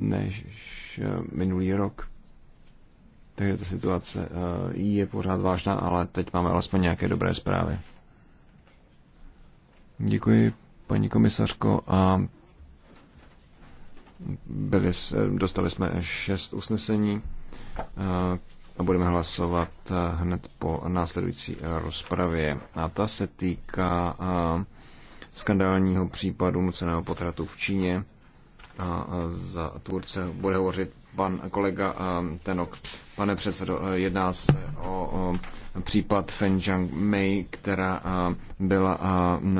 než eh, minulý rok. Takže ta situace eh, je pořád vážná, ale teď máme alespoň nějaké dobré zprávy. Děkuji, paní komisařko, a byli, dostali jsme šest usnesení eh, a budeme hlasovat hned po následující rozpravě. A ta se týká skandálního případu nuceného potratu v Číně a za tvůrce bude hovořit pan kolega Tenok. Pane předsedo, jedná se o případ Feng Zhang Mei, která byla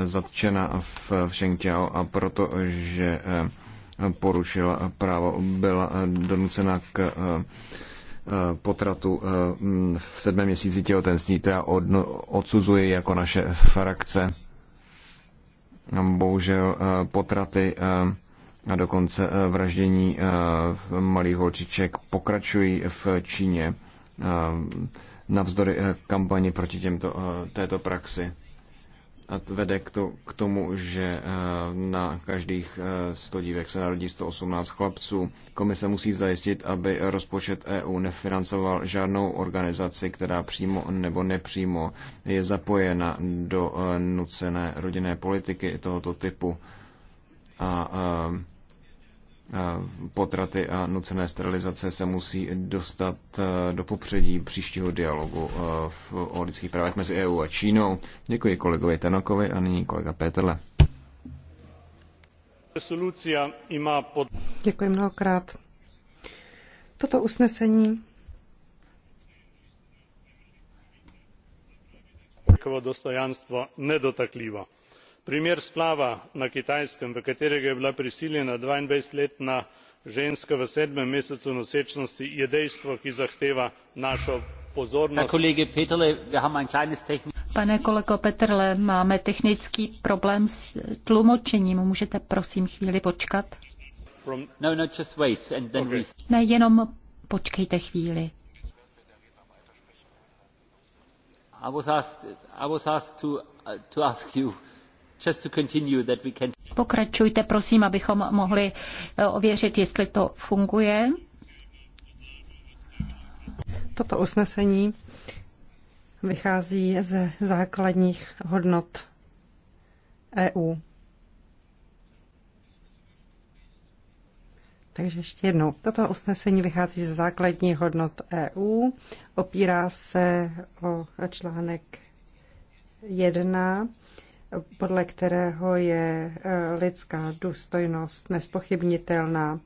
zatčena v Shengqiao a protože porušila právo, byla donucena k potratu v sedmém měsíci těhotenství. To já odsuzuji jako naše frakce. Bohužel potraty a dokonce eh, vraždění eh, malých holčiček pokračují v Číně eh, navzdory kampani proti těmto, této praxi. A vede k, to, k tomu, že na každých 100 dívek se narodí 118 chlapců. Komise musí zajistit, aby rozpočet EU nefinancoval žádnou organizaci, která přímo nebo nepřímo je zapojena do nucené rodinné politiky tohoto typu. A, a potraty a nucené sterilizace se musí dostat e, do popředí příštího dialogu e, o lidských právech mezi EU a Čínou. Děkuji kolegovi Tanokovi a nyní kolega Petrle. Děkuji mnohokrát. Toto usnesení dostojanstvo nedotakljivo primer splava na kitajskem v katerega je bila prisiljena dvaindvajset letna ženska v sedmem mesecu nosečnosti je dejstvo ki zahteva našo pozornost. pane kolego peterle máme technický problém s tlumočením můžete prosím chvíli počkat? No, no, ne jenom počkejte chvíli. I was asked, I was asked to, uh, to ask you. Pokračujte, prosím, abychom mohli eh, ověřit, jestli to funguje. Toto usnesení vychází ze základních hodnot EU. Takže ještě jednou. Toto usnesení vychází ze základních hodnot EU, opírá se o článek 1 podle kterého je eh, lidská důstojnost nespochybnitelná.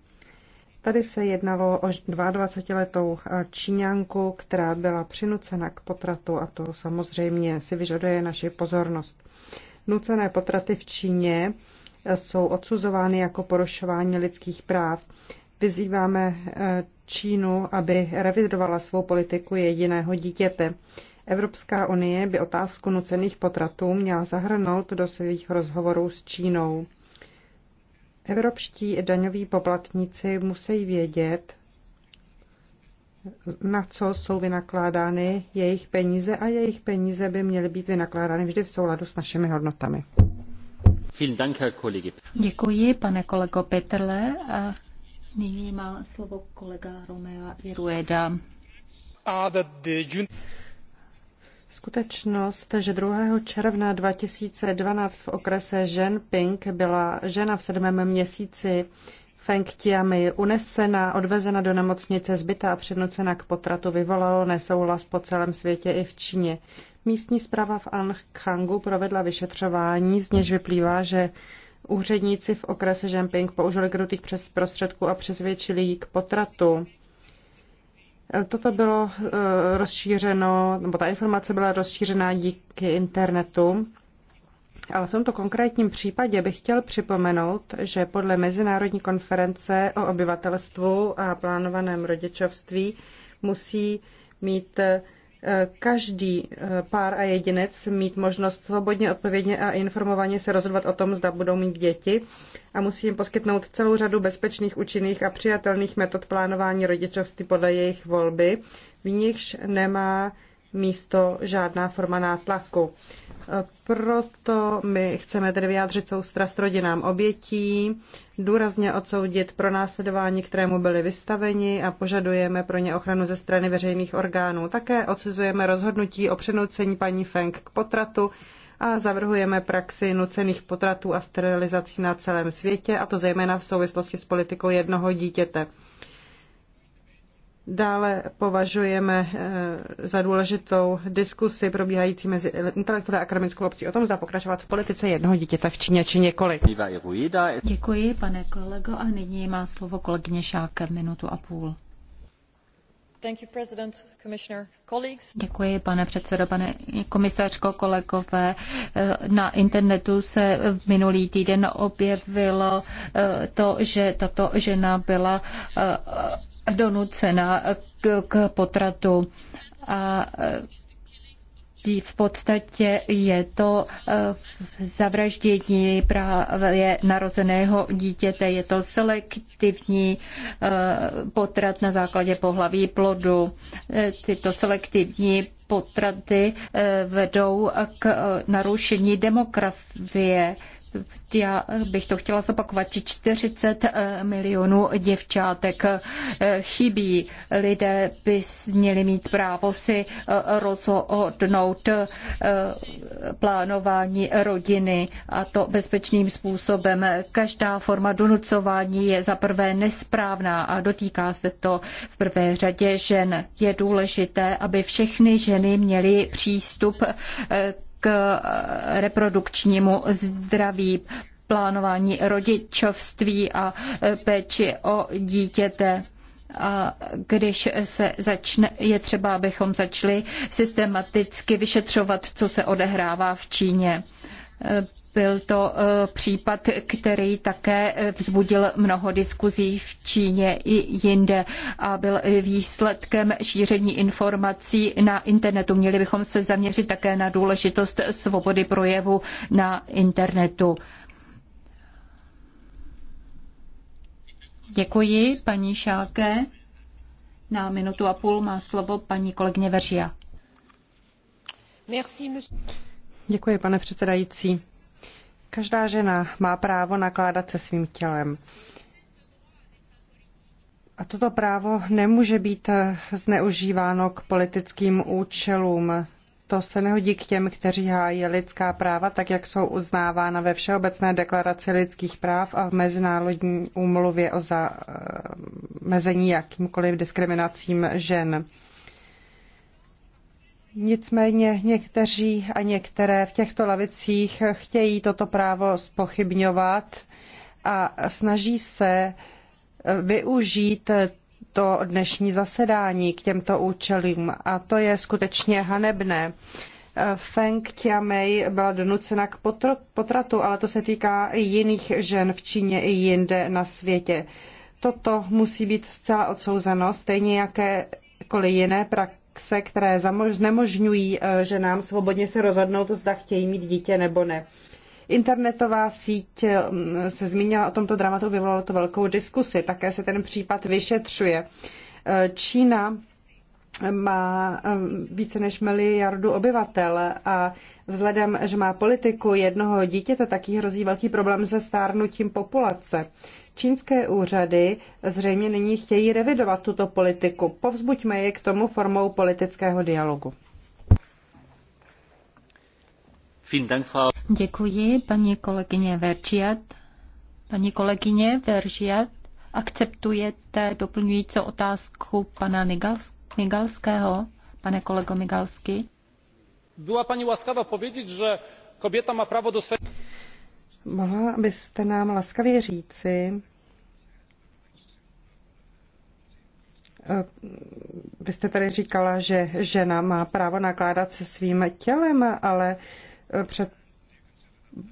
Tady se jednalo o 22-letou eh, Číňanku, která byla přinucena k potratu a to samozřejmě si vyžaduje naši pozornost. Nucené potraty v Číně eh, jsou odsuzovány jako porušování lidských práv. Vyzýváme Čínu, aby revidovala svou politiku jediného dítěte. Evropská unie by otázku nucených potratů měla zahrnout do svých rozhovorů s Čínou. Evropští daňoví poplatníci musí vědět, na co jsou vynakládány jejich peníze a jejich peníze by měly být vynakládány vždy v souladu s našimi hodnotami. Děkuji, pane kolego Petrle. A nyní má slovo kolega Romeo Irueda. Skutečnost, že 2. června 2012 v okrese Ženping byla žena v sedmém měsíci Feng Tiami unesena, odvezena do nemocnice, zbyta a přednocena k potratu, vyvolalo nesouhlas po celém světě i v Číně. Místní zpráva v Anhangu provedla vyšetřování, z něž vyplývá, že úředníci v okrese Ženping použili krutých přes prostředků a přesvědčili ji k potratu. Toto bylo eh, rozšířeno, nebo ta informace byla rozšířena díky internetu. Ale v tomto konkrétním případě bych chtěl připomenout, že podle Mezinárodní konference o obyvatelstvu a plánovaném rodičovství musí mít každý eh, pár a jedinec mít možnost svobodně, odpovědně a informovaně se rozhodovat o tom, zda budou mít děti a musí jim poskytnout celou řadu bezpečných, účinných a přijatelných metod plánování rodičovství podle jejich volby, v nichž nemá místo žádná forma nátlaku. Proto my chceme tedy vyjádřit soustrast rodinám obětí, důrazně odsoudit pro následování, kterému byli vystaveni a požadujeme pro ně ochranu ze strany veřejných orgánů. Také odsuzujeme rozhodnutí o přenucení paní Feng k potratu a zavrhujeme praxi nucených potratů a sterilizací na celém světě, a to zejména v souvislosti s politikou jednoho dítěte. Dále považujeme eh, za důležitou diskusi probíhající mezi intelektuální a akademickou obcí o tom, zda pokračovat v politice jednoho dítěte v Číně či několik. Děkuji, pane kolego, a nyní má slovo kolegyně Šáke minutu a půl. Děkuji, pane předsedo, pane komisařko, kolegové. Eh, na internetu se minulý týden objevilo eh, to, že tato žena byla donucena k potratu. A e, v podstatě je to e, zavraždění právě narozeného dítěte, je to selektivní e, potrat na základě pohlaví plodu. Tyto selektivní potraty vedou k narušení demografie já bych to chtěla zopakovat, že 40 eh, milionů děvčátek eh, chybí. Lidé by měli mít právo si eh, rozhodnout plánování rodiny a to bezpečným způsobem. Každá forma donucování je za prvé nesprávná a dotýká se to v prvé řadě žen. Je důležité, aby všechny ženy měly přístup k reprodukčnímu zdraví, plánování rodičovství a péči o dítěte. A když se začne, je třeba, abychom začali systematicky vyšetřovat, co se odehrává v Číně byl to e, případ, který také vzbudil mnoho diskuzí v Číně i jinde a byl výsledkem šíření informací na internetu. Měli bychom se zaměřit také na důležitost svobody projevu na internetu. Děkuji, paní Šáke. Na minutu a půl má slovo paní kolegyně Veržia. Děkuji, pane předsedající Každá žena má právo nakládat se svým tělem. A toto právo nemůže být zneužíváno k politickým účelům. To se nehodí k těm, kteří hájí lidská práva, tak jak jsou uznávána ve Všeobecné deklaraci lidských práv a v Mezinárodní úmluvě o zamezení jakýmkoliv diskriminacím žen. Nicméně někteří a některé v těchto lavicích chtějí toto právo spochybňovat a snaží se eh, využít to dnešní zasedání k těmto účelům a to je skutečně hanebné. Eh, Feng Tiamei byla donucena k potratu, ale to se týká i jiných žen v Číně i jinde na světě. Toto musí být zcela odsouzeno, stejně jaké jiné prak- praxe, které znemožňují eh, ženám svobodně se rozhodnout, zda chtějí mít dítě nebo ne. Internetová síť eh, mm, se zmínila o tomto dramatu, vyvolalo to velkou diskusi, také se ten případ vyšetřuje. Eh, Čína má více než miliardu obyvatel a vzhledem, že má politiku jednoho dítěte, tak jí hrozí velký problém se stárnutím populace. Čínské úřady zřejmě nyní chtějí revidovat tuto politiku. Povzbuďme je k tomu formou politického dialogu. Děkuji, paní kolegyně Veržiat. Paní kolegyně Veržiat, akceptujete doplňující otázku pana Nigalska? Migalského, pane kolego Migalsky. Byla paní laskava povědět, že kobieta má právo do své... Mohla byste nám laskavě říci, eh, Vy jste tady říkala, že žena má právo nakládat se svým tělem, ale eh, před,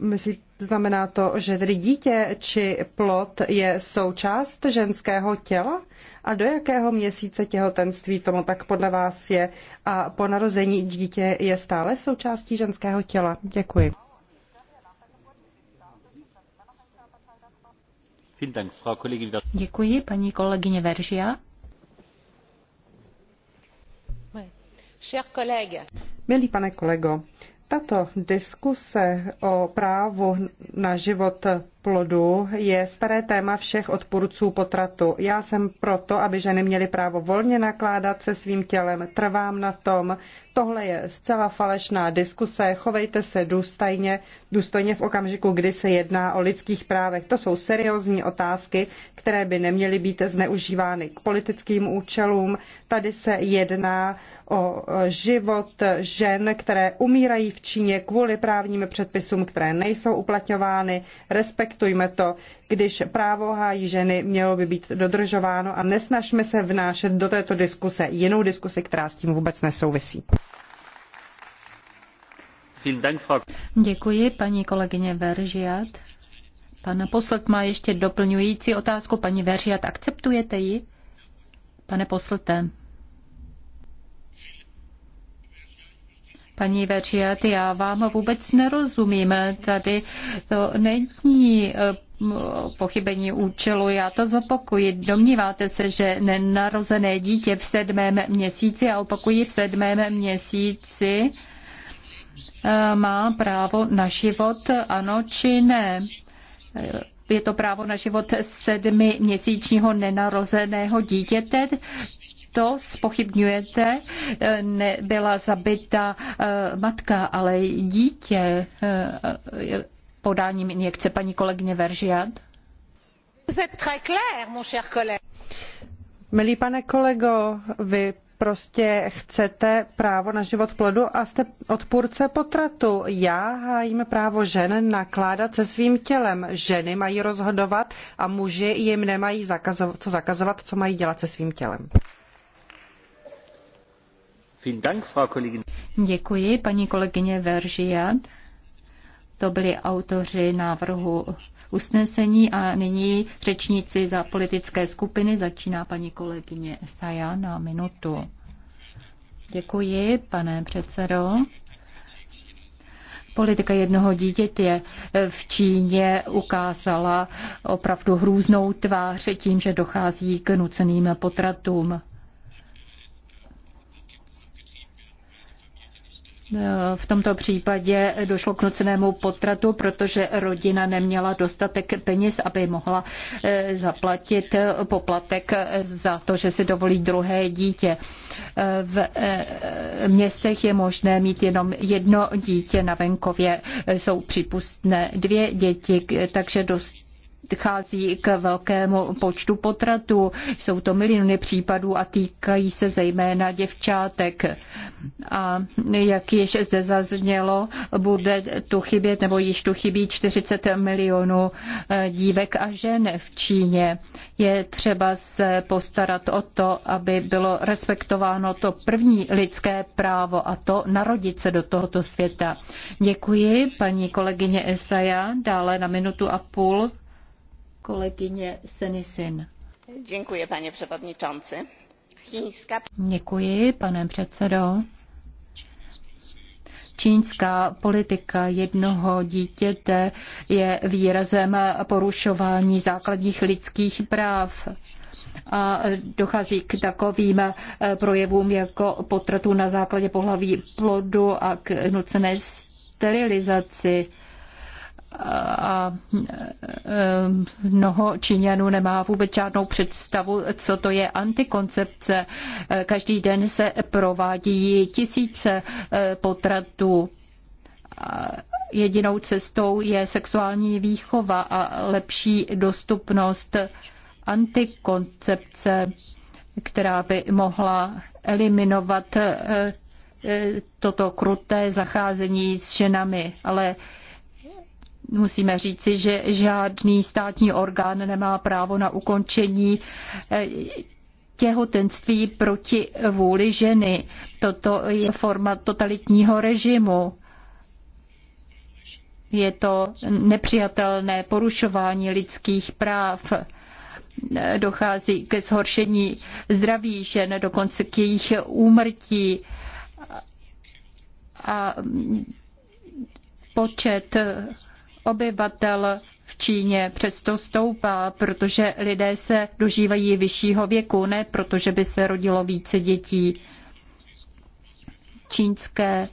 myslí, znamená to, že tedy dítě či plod je součást ženského těla a do jakého měsíce těhotenství tomu tak podle vás je a po narození dítě je stále součástí ženského těla? Děkuji. Děkuji, paní kolegyně Veržia. Milý pane kolego, tato diskuse o právu na život plodu je staré téma všech odpůrců potratu. Já jsem proto, aby ženy měly právo volně nakládat se svým tělem, trvám na tom. Tohle je zcela falešná diskuse, chovejte se důstojně, důstojně v okamžiku, kdy se jedná o lidských právech. To jsou seriózní otázky, které by neměly být zneužívány k politickým účelům. Tady se jedná o život žen, které umírají v Číně kvůli právním předpisům, které nejsou uplatňovány, respekt respektujme to. Když právo hájí ženy, mělo by být dodržováno a nesnažme se vnášet do této diskuse jinou diskusi, která s tím vůbec nesouvisí. Děkuji, paní kolegyně Veržiat. Pan Poslet má ještě doplňující otázku. Paní Veržiat, akceptujete ji? Pane Poslete. Paní Veržiat, já vám vůbec nerozumím. Tady to není eh, pochybení účelu. Já to zopakuji. Domníváte se, že nenarozené dítě v sedmém měsíci, a opakují v sedmém měsíci, eh, má právo na život, ano či ne? Eh, je to právo na život sedmi měsíčního nenarozeného dítěte to spochybňujete, nebyla zabita eh, matka, ale dítě eh, podáním injekce. Paní kolegyně Veržiad? Milý pane kolego, vy prostě chcete právo na život plodu a jste odpůrce potratu. Já hájím právo žen nakládat se svým tělem. Ženy mají rozhodovat a muži jim nemají zakazovat, co zakazovat, co mají dělat se svým tělem. Děkuji, paní kolegyně Veržia. To byli autoři návrhu usnesení a nyní řečníci za politické skupiny začíná paní kolegyně Saja na minutu. Děkuji, pane předsedo. Politika jednoho dítěte v Číně ukázala opravdu hrůznou tvář tím, že dochází k nuceným potratům. V tomto případě došlo k nucenému potratu, protože rodina neměla dostatek peněz, aby mohla eh, zaplatit poplatek za to, že si dovolí druhé dítě. V eh, městech je možné mít jenom jedno dítě, na venkově jsou připustné dvě děti, takže dost dochází k velkému počtu potratů. Jsou to miliony případů a týkají se zejména děvčátek. A jak již zde zaznělo, bude tu chybět, nebo již tu chybí 40 milionů eh, dívek a žen v Číně. Je třeba se postarat o to, aby bylo respektováno to první lidské právo a to narodit se do tohoto světa. Děkuji paní kolegyně Esaja, dále na minutu a půl kolegyně Senisin. Děkuji, pane předsedající. Čínská... Děkuji, pane předsedo. Čínská politika jednoho dítěte je výrazem porušování základních lidských práv a dochází k takovým eh, projevům jako potratu na základě pohlaví plodu a k nucené sterilizaci a e, e, mnoho Číňanů nemá vůbec žádnou představu, co to je antikoncepce. E, každý den se provádí tisíce potratů. Jedinou cestou je sexuální výchova a lepší dostupnost antikoncepce, která by mohla eliminovat toto kruté zacházení s ženami. Ale musíme říci, že žádný státní orgán nemá právo na ukončení eh, těhotenství proti vůli ženy. Toto je forma totalitního režimu. Je to nepřijatelné porušování lidských práv. Dochází ke zhoršení zdraví žen, dokonce k jejich úmrtí. A mm, počet obyvatel v Číně přesto stoupá, protože lidé se dožívají vyššího věku, ne protože by se rodilo více dětí. Čínské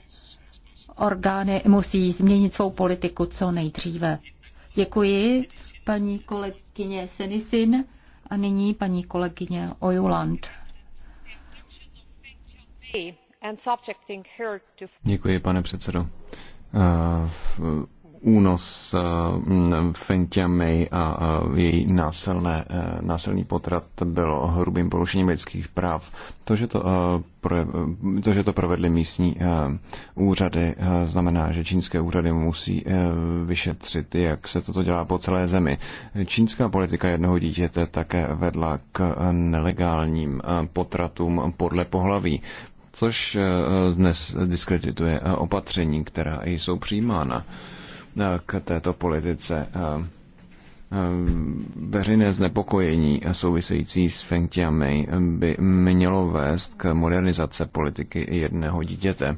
orgány musí změnit svou politiku co nejdříve. Děkuji, paní kolegyně Senisin a nyní paní kolegyně Ojuland. Děkuji, pane předsedo. Uh, únos eh, Fentiamy a její násilné, eh, násilný potrat bylo hrubým porušením lidských práv. To, že to, eh, to, že to provedly místní úřady, znamená, že čínské úřady musí vyšetřit, jak se toto dělá po celé zemi. Čínská politika jednoho dítěte také vedla k nelegálním potratům podle pohlaví což dnes diskredituje opatření, která jsou přijímána k této politice. Eh, eh, veřejné znepokojení související s Feng Tiamei by mělo vést k modernizace politiky jedného dítěte.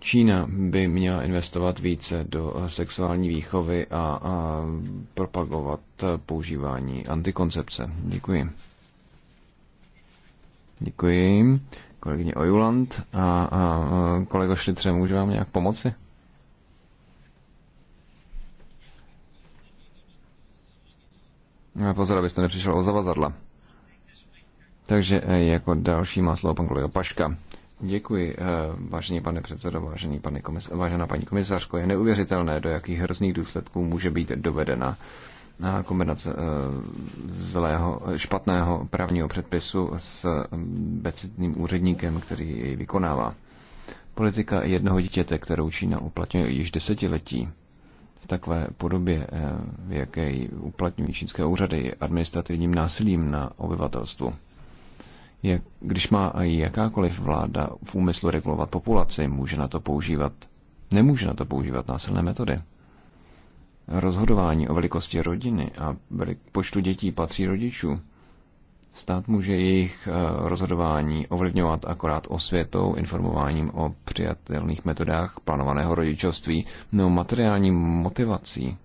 Čína by měla investovat více do sexuální výchovy a, a propagovat používání antikoncepce. Děkuji. Děkuji. Kolegyně Ojuland a, a kolego Šlitře, můžu vám nějak pomoci? Pozor, abyste nepřišel o zavazadla. Takže eh, jako další má slovo pan kolega Paška. Děkuji, eh, vážený pane předsedo, vážený pane komisa- vážená paní komisařko. Je neuvěřitelné, do jakých hrozných důsledků může být dovedena eh, kombinace zlého, špatného právního předpisu s mm, becitným úředníkem, který jej vykonává. Politika jednoho dítěte, kterou Čína uplatňuje již desetiletí, v takové podobě, eh, v jaké ji uplatňují čínské úřady administrativním násilím na obyvatelstvu. Jak, když má i jakákoliv vláda v úmyslu regulovat populaci, může na to používat, nemůže na to používat násilné metody. Rozhodování o velikosti rodiny a počtu dětí patří rodičů. Stát může jejich eh, rozhodování ovlivňovat akorát osvětou, informováním o přijatelných metodách plánovaného rodičovství nebo materiální motivací.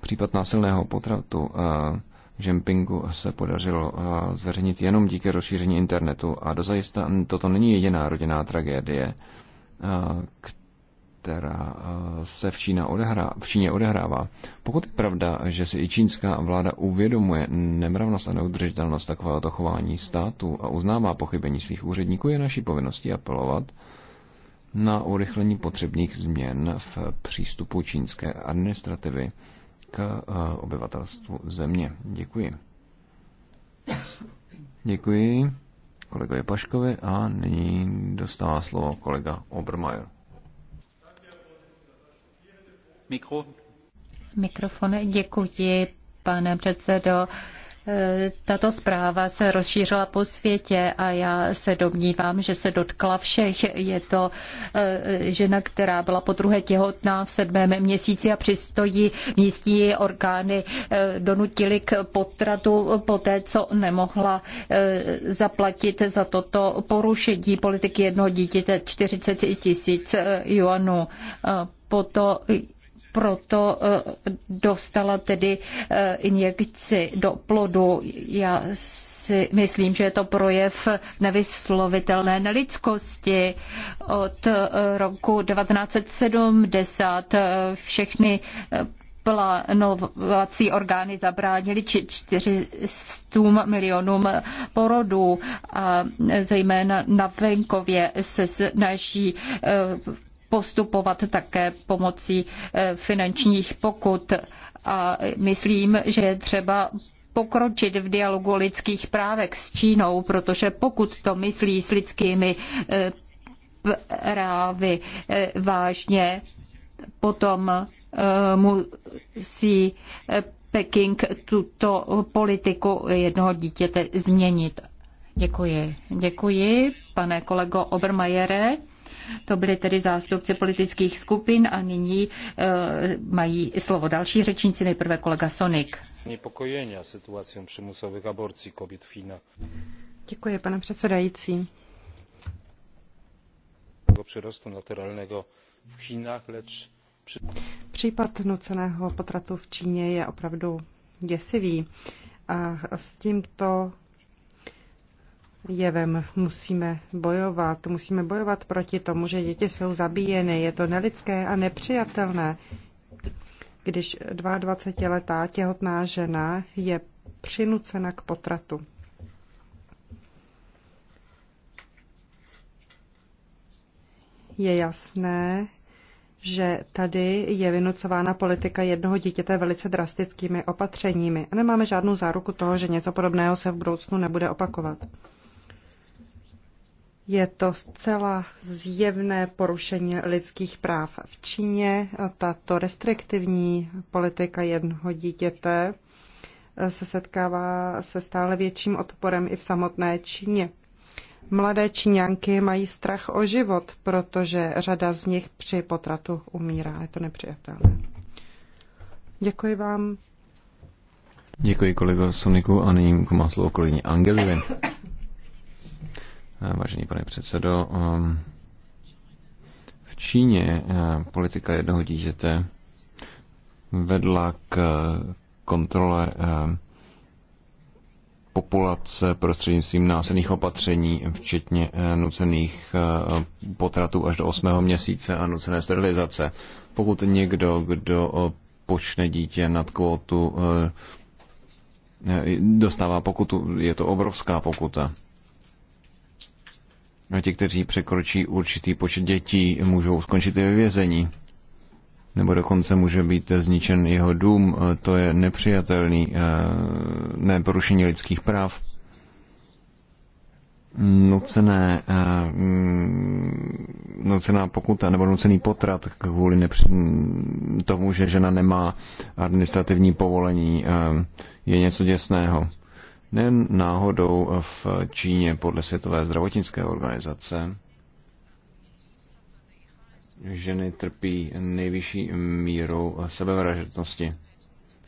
Případ násilného potratu eh, jumpingu se podařilo eh, zveřejnit jenom díky rozšíření internetu a dozajista toto není jediná rodinná tragédie, která eh, se v, Čína odehrá, v Číně odehrává. Pokud je pravda, že si i čínská vláda uvědomuje nemravnost a neudržitelnost takovéhoto chování státu a uznává pochybení svých úředníků, je naší povinností apelovat na urychlení potřebných změn v přístupu čínské administrativy k eh, obyvatelstvu země. Děkuji. Děkuji kolegovi Paškovi a nyní dostává slovo kolega Obermajer. Mikro. Mikrofon, děkuji, pane předsedo. Tato zpráva se rozšířila po světě a já se domnívám, že se dotkla všech. Je to eh, žena, která byla po druhé těhotná v sedmém měsíci a přistojí místní orgány eh, donutili k potratu po té, co nemohla eh, zaplatit za toto porušení politiky jednoho dítěte 40 tisíc juanů. to proto eh, dostala tedy eh, injekci do plodu. Já si myslím, že je to projev nevyslovitelné nelidskosti. Od eh, roku 1970 všechny plánovací orgány zabránili 400 milionům porodů a zejména na venkově se snaží postupovat také pomocí eh, finančních pokut. A myslím, že je třeba pokročit v dialogu o lidských právech s Čínou, protože pokud to myslí s lidskými eh, právy eh, vážně, potom musí Peking tuto politiku jednoho dítěte změnit. Děkuji. Děkuji, pane kolego Obermajere. To byly tedy zástupci politických skupin a nyní eh, mají slovo další řečníci, nejprve kolega Sonik. situací v Číně. Děkuji, pane předsedající. Přirostu naturálního v Čínách, leč Případ nuceného potratu v Číně je opravdu děsivý. A s tímto jevem. Musíme bojovat, musíme bojovat proti tomu, že děti jsou zabíjeny. Je to nelidské a nepřijatelné. Když 22-letá těhotná žena je přinucena k potratu. Je jasné, že tady je vynucována politika jednoho dítěte velice drastickými opatřeními a nemáme žádnou záruku toho, že něco podobného se v budoucnu nebude opakovat. Je to zcela zjevné porušení lidských práv v Číně. Tato restriktivní politika jednoho dítěte se setkává se stále větším odporem i v samotné Číně. Mladé Číňanky mají strach o život, protože řada z nich při potratu umírá. Je to nepřijatelné. Děkuji vám. Děkuji kolego Soniku a nyní má slovo kolegyně Angelivin. Eh, vážený pane předsedo, ehm, v Číně eh, politika jednoho dítěte vedla k kontrole ehm, populace prostřednictvím násilných opatření, včetně eh, nucených potratů až do 8. měsíce a nucené sterilizace. Pokud někdo, kdo počne dítě nad kvótu, dostává pokutu, je to obrovská pokuta. No, ti, kteří překročí určitý počet dětí, můžou skončit i ve vězení. Nebo dokonce může být zničen jeho dům. To je nepřijatelný eh, neporušení lidských práv. Nucené, eh, nucená pokuta nebo nucený potrat kvůli nepři... tomu, že žena nemá administrativní povolení, eh, je něco děsného. Nen náhodou v Číně podle Světové zdravotnické organizace ženy trpí nejvyšší mírou sebevražednosti.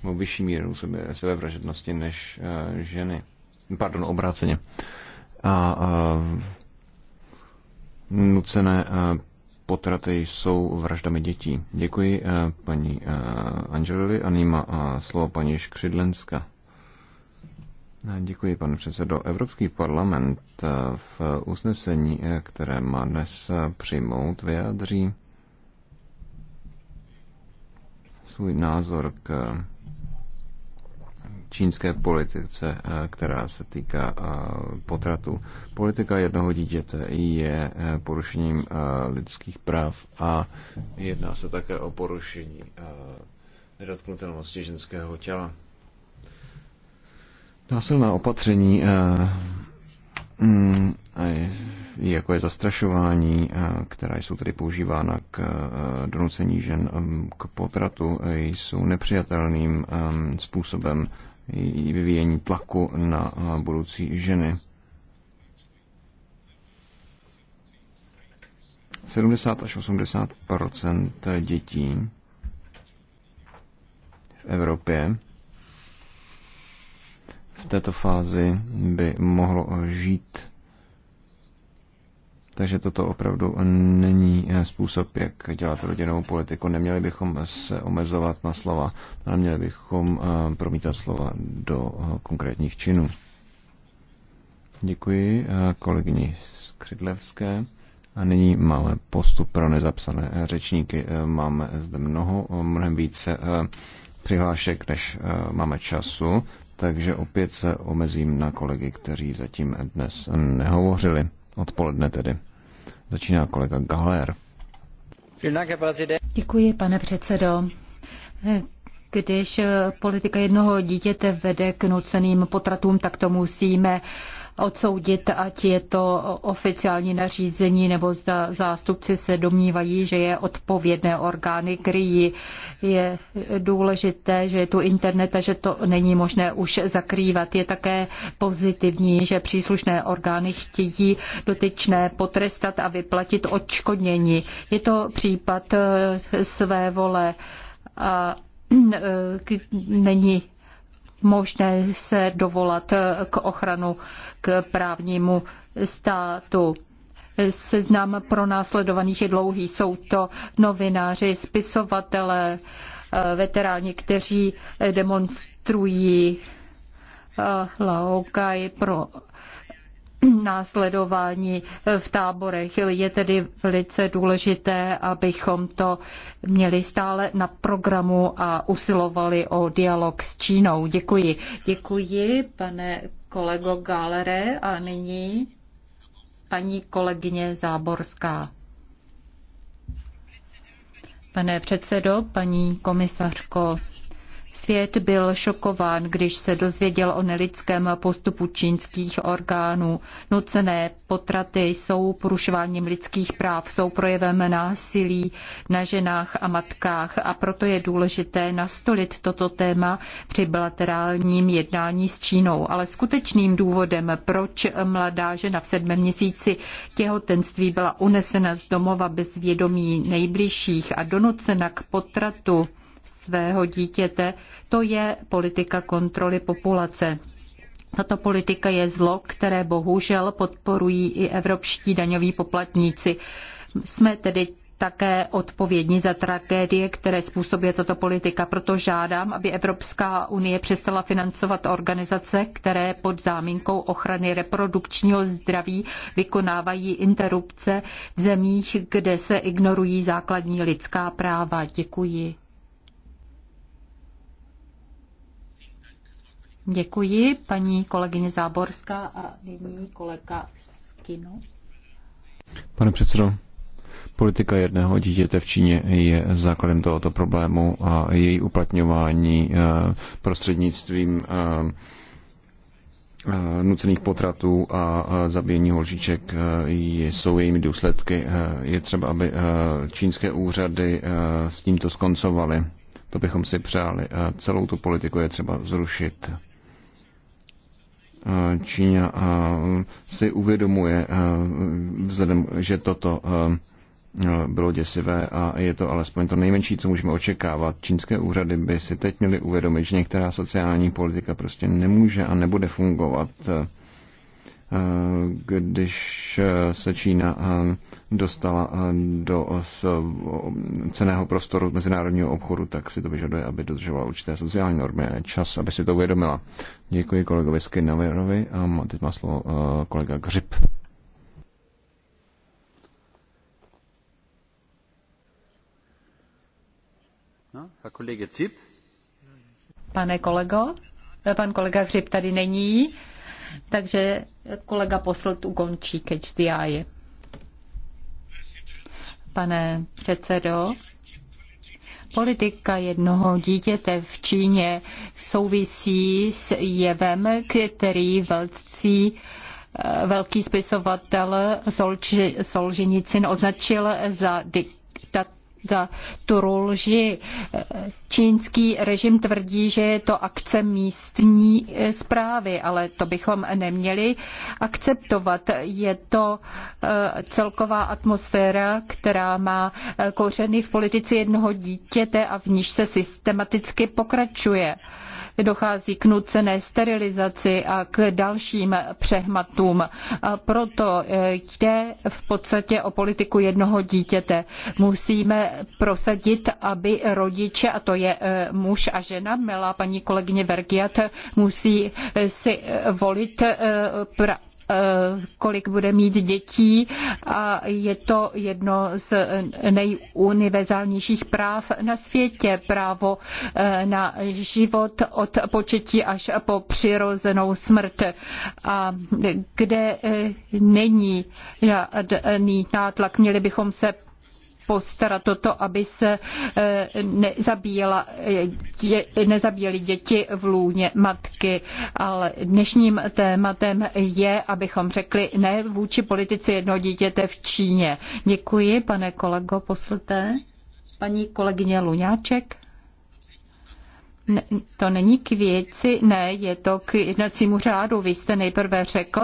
Nebo vyšší mírou sebevražednosti než eh, ženy. Pardon, obráceně. A, a eh, nucené eh, potraty jsou vraždami dětí. Děkuji paní Angelili a nyní má slovo paní Škřidlenska. Děkuji, pane předsedo. Evropský parlament eh, v usnesení, eh, které má dnes eh, přijmout, vyjádří svůj názor k čínské politice, která se týká potratu. Politika jednoho dítěte je porušením lidských práv a jedná se také o porušení nedotknutelnosti ženského těla. Násilná opatření, eh, mm, jako je zastrašování, eh, která jsou tedy používána k eh, donucení žen mm, k potratu, jsou nepřijatelným mm, způsobem vyvíjení tlaku na budoucí ženy. 70 až 80 dětí v Evropě v této fázi by mohlo žít. Takže toto opravdu není způsob, jak dělat rodinnou politiku. Neměli bychom se omezovat na slova, neměli bychom eh, promítat slova do eh, konkrétních činů. Děkuji eh, kolegyni Skřidlevské. A nyní máme postup pro nezapsané řečníky. Máme zde mnoho, mnohem více přihlášek, než máme času takže opět se omezím na kolegy, kteří zatím dnes nehovořili. Odpoledne tedy. Začíná kolega Galer. Děkuji, pane předsedo. Když politika jednoho dítěte vede k nuceným potratům, tak to musíme odsoudit, ať je to oficiální nařízení nebo zda zástupci se domnívají, že je odpovědné orgány kryjí. Je důležité, že je tu internet a že to není možné už zakrývat. Je také pozitivní, že příslušné orgány chtějí dotyčné potrestat a vyplatit odškodnění. Je to případ eh, své vole a eh, není možné se dovolat eh, k ochranu k právnímu státu. Seznam pro následovaných je dlouhý. Jsou to novináři, spisovatelé, veteráni, kteří demonstrují eh, Laogai pro následování v táborech. Je tedy velice důležité, abychom to měli stále na programu a usilovali o dialog s Čínou. Děkuji. Děkuji, pane kolego Galere a nyní paní kolegyně Záborská. Pane předsedo, paní komisařko, Svět byl šokován, když se dozvěděl o nelidském postupu čínských orgánů. Nucené potraty jsou porušováním lidských práv, jsou projevem násilí na ženách a matkách a proto je důležité nastolit toto téma při bilaterálním jednání s Čínou. Ale skutečným důvodem, proč mladá žena v sedmém měsíci těhotenství byla unesena z domova bez vědomí nejbližších a donucena k potratu, svého dítěte, to je politika kontroly populace. Tato politika je zlo, které bohužel podporují i evropští daňoví poplatníci. Jsme tedy také odpovědní za tragédie, které způsobuje tato politika. Proto žádám, aby Evropská unie přestala financovat organizace, které pod záminkou ochrany reprodukčního zdraví vykonávají interrupce v zemích, kde se ignorují základní lidská práva. Děkuji. Děkuji, paní kolegyně Záborská a nyní kolega Skinu. Pane předsedo, politika jedného dítěte v Číně je základem tohoto problému a její uplatňování eh, prostřednictvím eh, eh, nucených potratů a zabíjení holčiček jsou jejími důsledky. Je třeba, aby čínské úřady s tímto skoncovaly. To bychom si přáli. Celou tu politiku je třeba zrušit. Eh, Čína eh, si uvědomuje, eh, vzhledem, že toto bylo děsivé a je to alespoň to nejmenší, co můžeme očekávat. Čínské úřady by si teď měly uvědomit, že některá sociální politika prostě nemůže a nebude fungovat když eh, se Čína eh, dostala eh, do ceného prostoru mezinárodního obchodu, tak si to vyžaduje, aby dodržovala určité sociální normy a čas, aby si to uvědomila. Děkuji kolegovi Skinnerovi a teď má slovo kolega Grip. No, Pane kolego, pan kolega Hřib tady není. Takže kolega posl tu končí KHDI. Pane předsedo, politika jednoho dítěte v Číně souvisí s jevem, který velcí velký spisovatel Solženicin označil za dik za tu lži. Eh, čínský režim tvrdí, že je to akce místní eh, zprávy, ale to bychom neměli akceptovat. Je to eh, celková atmosféra, která má kořeny v politici jednoho dítěte a v níž se systematicky pokračuje dochází k nucené sterilizaci a k dalším přehmatům. A proto e, jde v podstatě o politiku jednoho dítěte. Musíme prosadit, aby rodiče, a to je e, muž a žena, milá paní kolegyně Vergiat, musí e, si volit pra- Eh, kolik bude mít dětí a je to jedno z nejuniverzálnějších práv na světě, právo eh, na život od početí až po přirozenou smrt. A kde eh, není žádný nátlak, měli bychom se postarat o to, aby se eh, nezabíjela, eh, dě, nezabíjeli děti v lůně matky. Ale dnešním tématem je, abychom řekli ne vůči politici jednoho dítěte v Číně. Děkuji, pane kolego, posleté. Paní kolegyně Luňáček. Ne, to není k věci, ne, je to k jednacímu řádu. Vy jste nejprve řekl,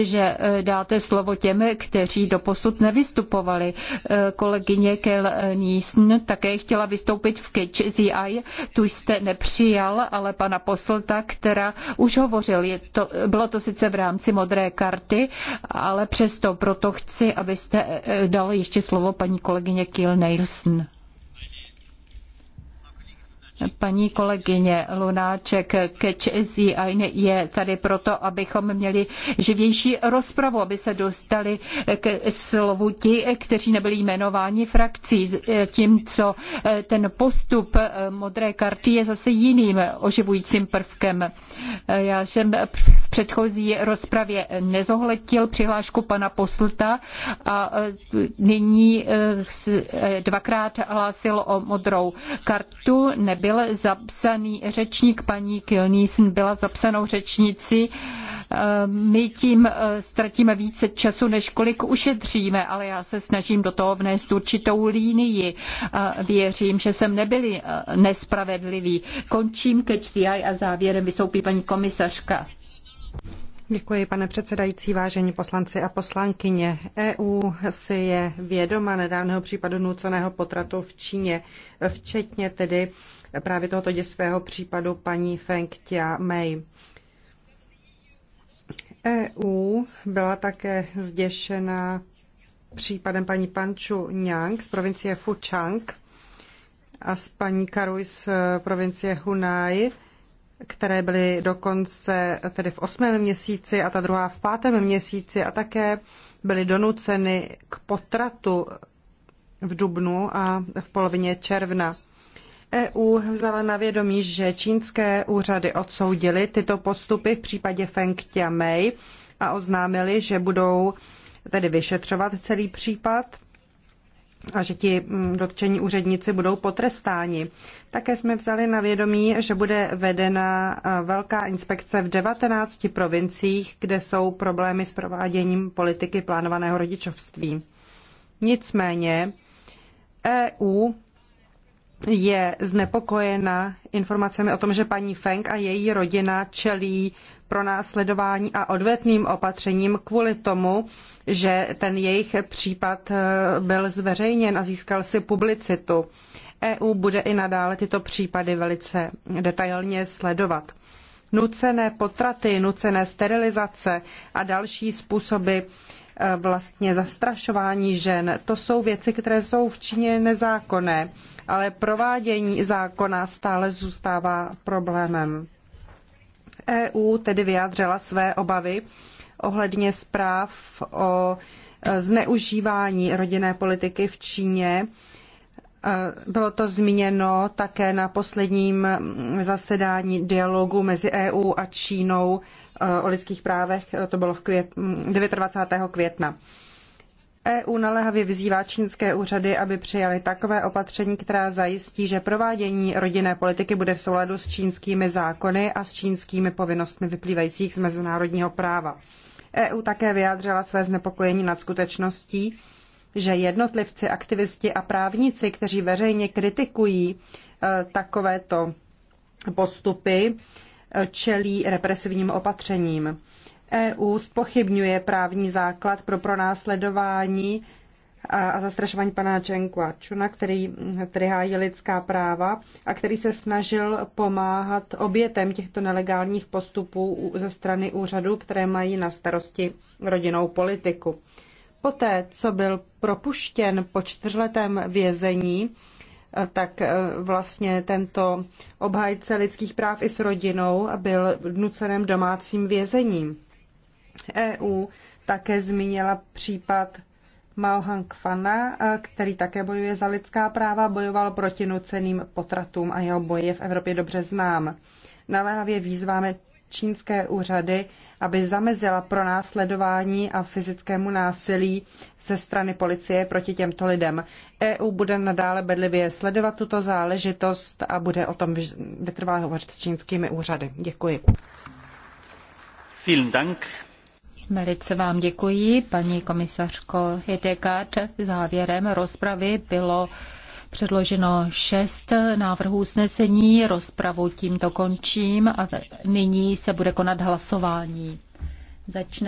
že eh, dáte slovo těm, kteří doposud nevystupovali. Eh, kolegyně Kel eh, Nielsen také chtěla vystoupit v Catch the Eye, tu jste nepřijal, ale pana poslta, která už hovořil, je to, bylo to sice v rámci modré karty, ale přesto proto chci, abyste dal ještě slovo paní kolegyně Kiel Nielsen. Paní kolegyně Lunáček, Catch the Eye je tady proto, abychom měli živější rozpravu, aby se dostali k slovu ti, kteří nebyli jmenováni frakcí, tím, co eh, ten postup eh, modré karty je zase jiným oživujícím prvkem. Eh, já jsem v předchozí rozpravě nezohletil přihlášku pana poslta a nyní dvakrát hlásil o modrou kartu, nebyl byl zapsaný řečník, paní Kilnísen byla zapsanou řečnici. Ehm, my tím eh, ztratíme více času, než kolik ušetříme, ale já se snažím do toho vnést určitou línii. Eh, věřím, že jsem nebyli eh, nespravedlivý. Končím ke čtyři a závěrem vystoupí paní komisařka. Děkuji, pane předsedající, vážení poslanci a poslankyně. EU si je vědoma nedávného případu nuceného potratu v Číně, včetně tedy právě tohoto děsivého případu paní Feng Tia Mei. EU byla také zděšena případem paní Panču Nyang z provincie Fuchang a s paní Karuj z eh, provincie Hunai, které byly dokonce tedy v osmém měsíci a ta druhá v pátém měsíci a také byly donuceny k potratu v dubnu a v polovině června. EU vzala na vědomí, že čínské úřady odsoudily tyto postupy v případě Feng Tiamei a oznámili, že budou tedy vyšetřovat celý případ a že ti mm, dotčení úředníci budou potrestáni. Také jsme vzali na vědomí, že bude vedena e, velká inspekce v 19 provinciích, kde jsou problémy s prováděním politiky plánovaného rodičovství. Nicméně EU je znepokojena informacemi o tom, že paní Feng a její rodina čelí pro následování a odvetným opatřením kvůli tomu, že ten jejich případ eh, byl zveřejněn a získal si publicitu. EU bude i nadále tyto případy velice detailně sledovat. Nucené potraty, nucené sterilizace a další způsoby vlastně zastrašování žen. To jsou věci, které jsou v Číně nezákonné, ale provádění zákona stále zůstává problémem. EU tedy vyjádřila své obavy ohledně zpráv o zneužívání rodinné politiky v Číně. Bylo to zmíněno také na posledním zasedání dialogu mezi EU a Čínou Eh, o lidských právech, eh, to bylo v květ, 29. Hm, května. EU naléhavě vyzývá čínské úřady, aby přijali takové opatření, která zajistí, že provádění rodinné politiky bude v souladu s čínskými zákony a s čínskými povinnostmi vyplývajících z mezinárodního práva. EU také vyjádřila své znepokojení nad skutečností, že jednotlivci, aktivisti a právníci, kteří veřejně kritikují eh, takovéto postupy, čelí represivním opatřením. EU spochybňuje právní základ pro pronásledování a zastrašování pana Čenkua Čuna, který, který hájí lidská práva a který se snažil pomáhat obětem těchto nelegálních postupů ze strany úřadů, které mají na starosti rodinnou politiku. Poté, co byl propuštěn po čtyřletém vězení, tak e, vlastně tento obhájce lidských práv i s rodinou byl nuceným domácím vězením. EU také zmínila případ Mao Hang Fana, e, který také bojuje za lidská práva, bojoval proti nuceným potratům a jeho boje v Evropě dobře znám. Naléhavě výzváme čínské úřady, aby zamezila pro následování a fyzickému násilí ze strany policie proti těmto lidem. EU bude nadále bedlivě sledovat tuto záležitost a bude o tom vytrvalé hovořit s čínskými úřady. Děkuji. Vielen Dank. Velice vám děkuji, paní komisařko Hidegard. Závěrem rozpravy bylo předloženo šest návrhů usnesení. Rozpravu tímto končím a nyní se bude konat hlasování. Začne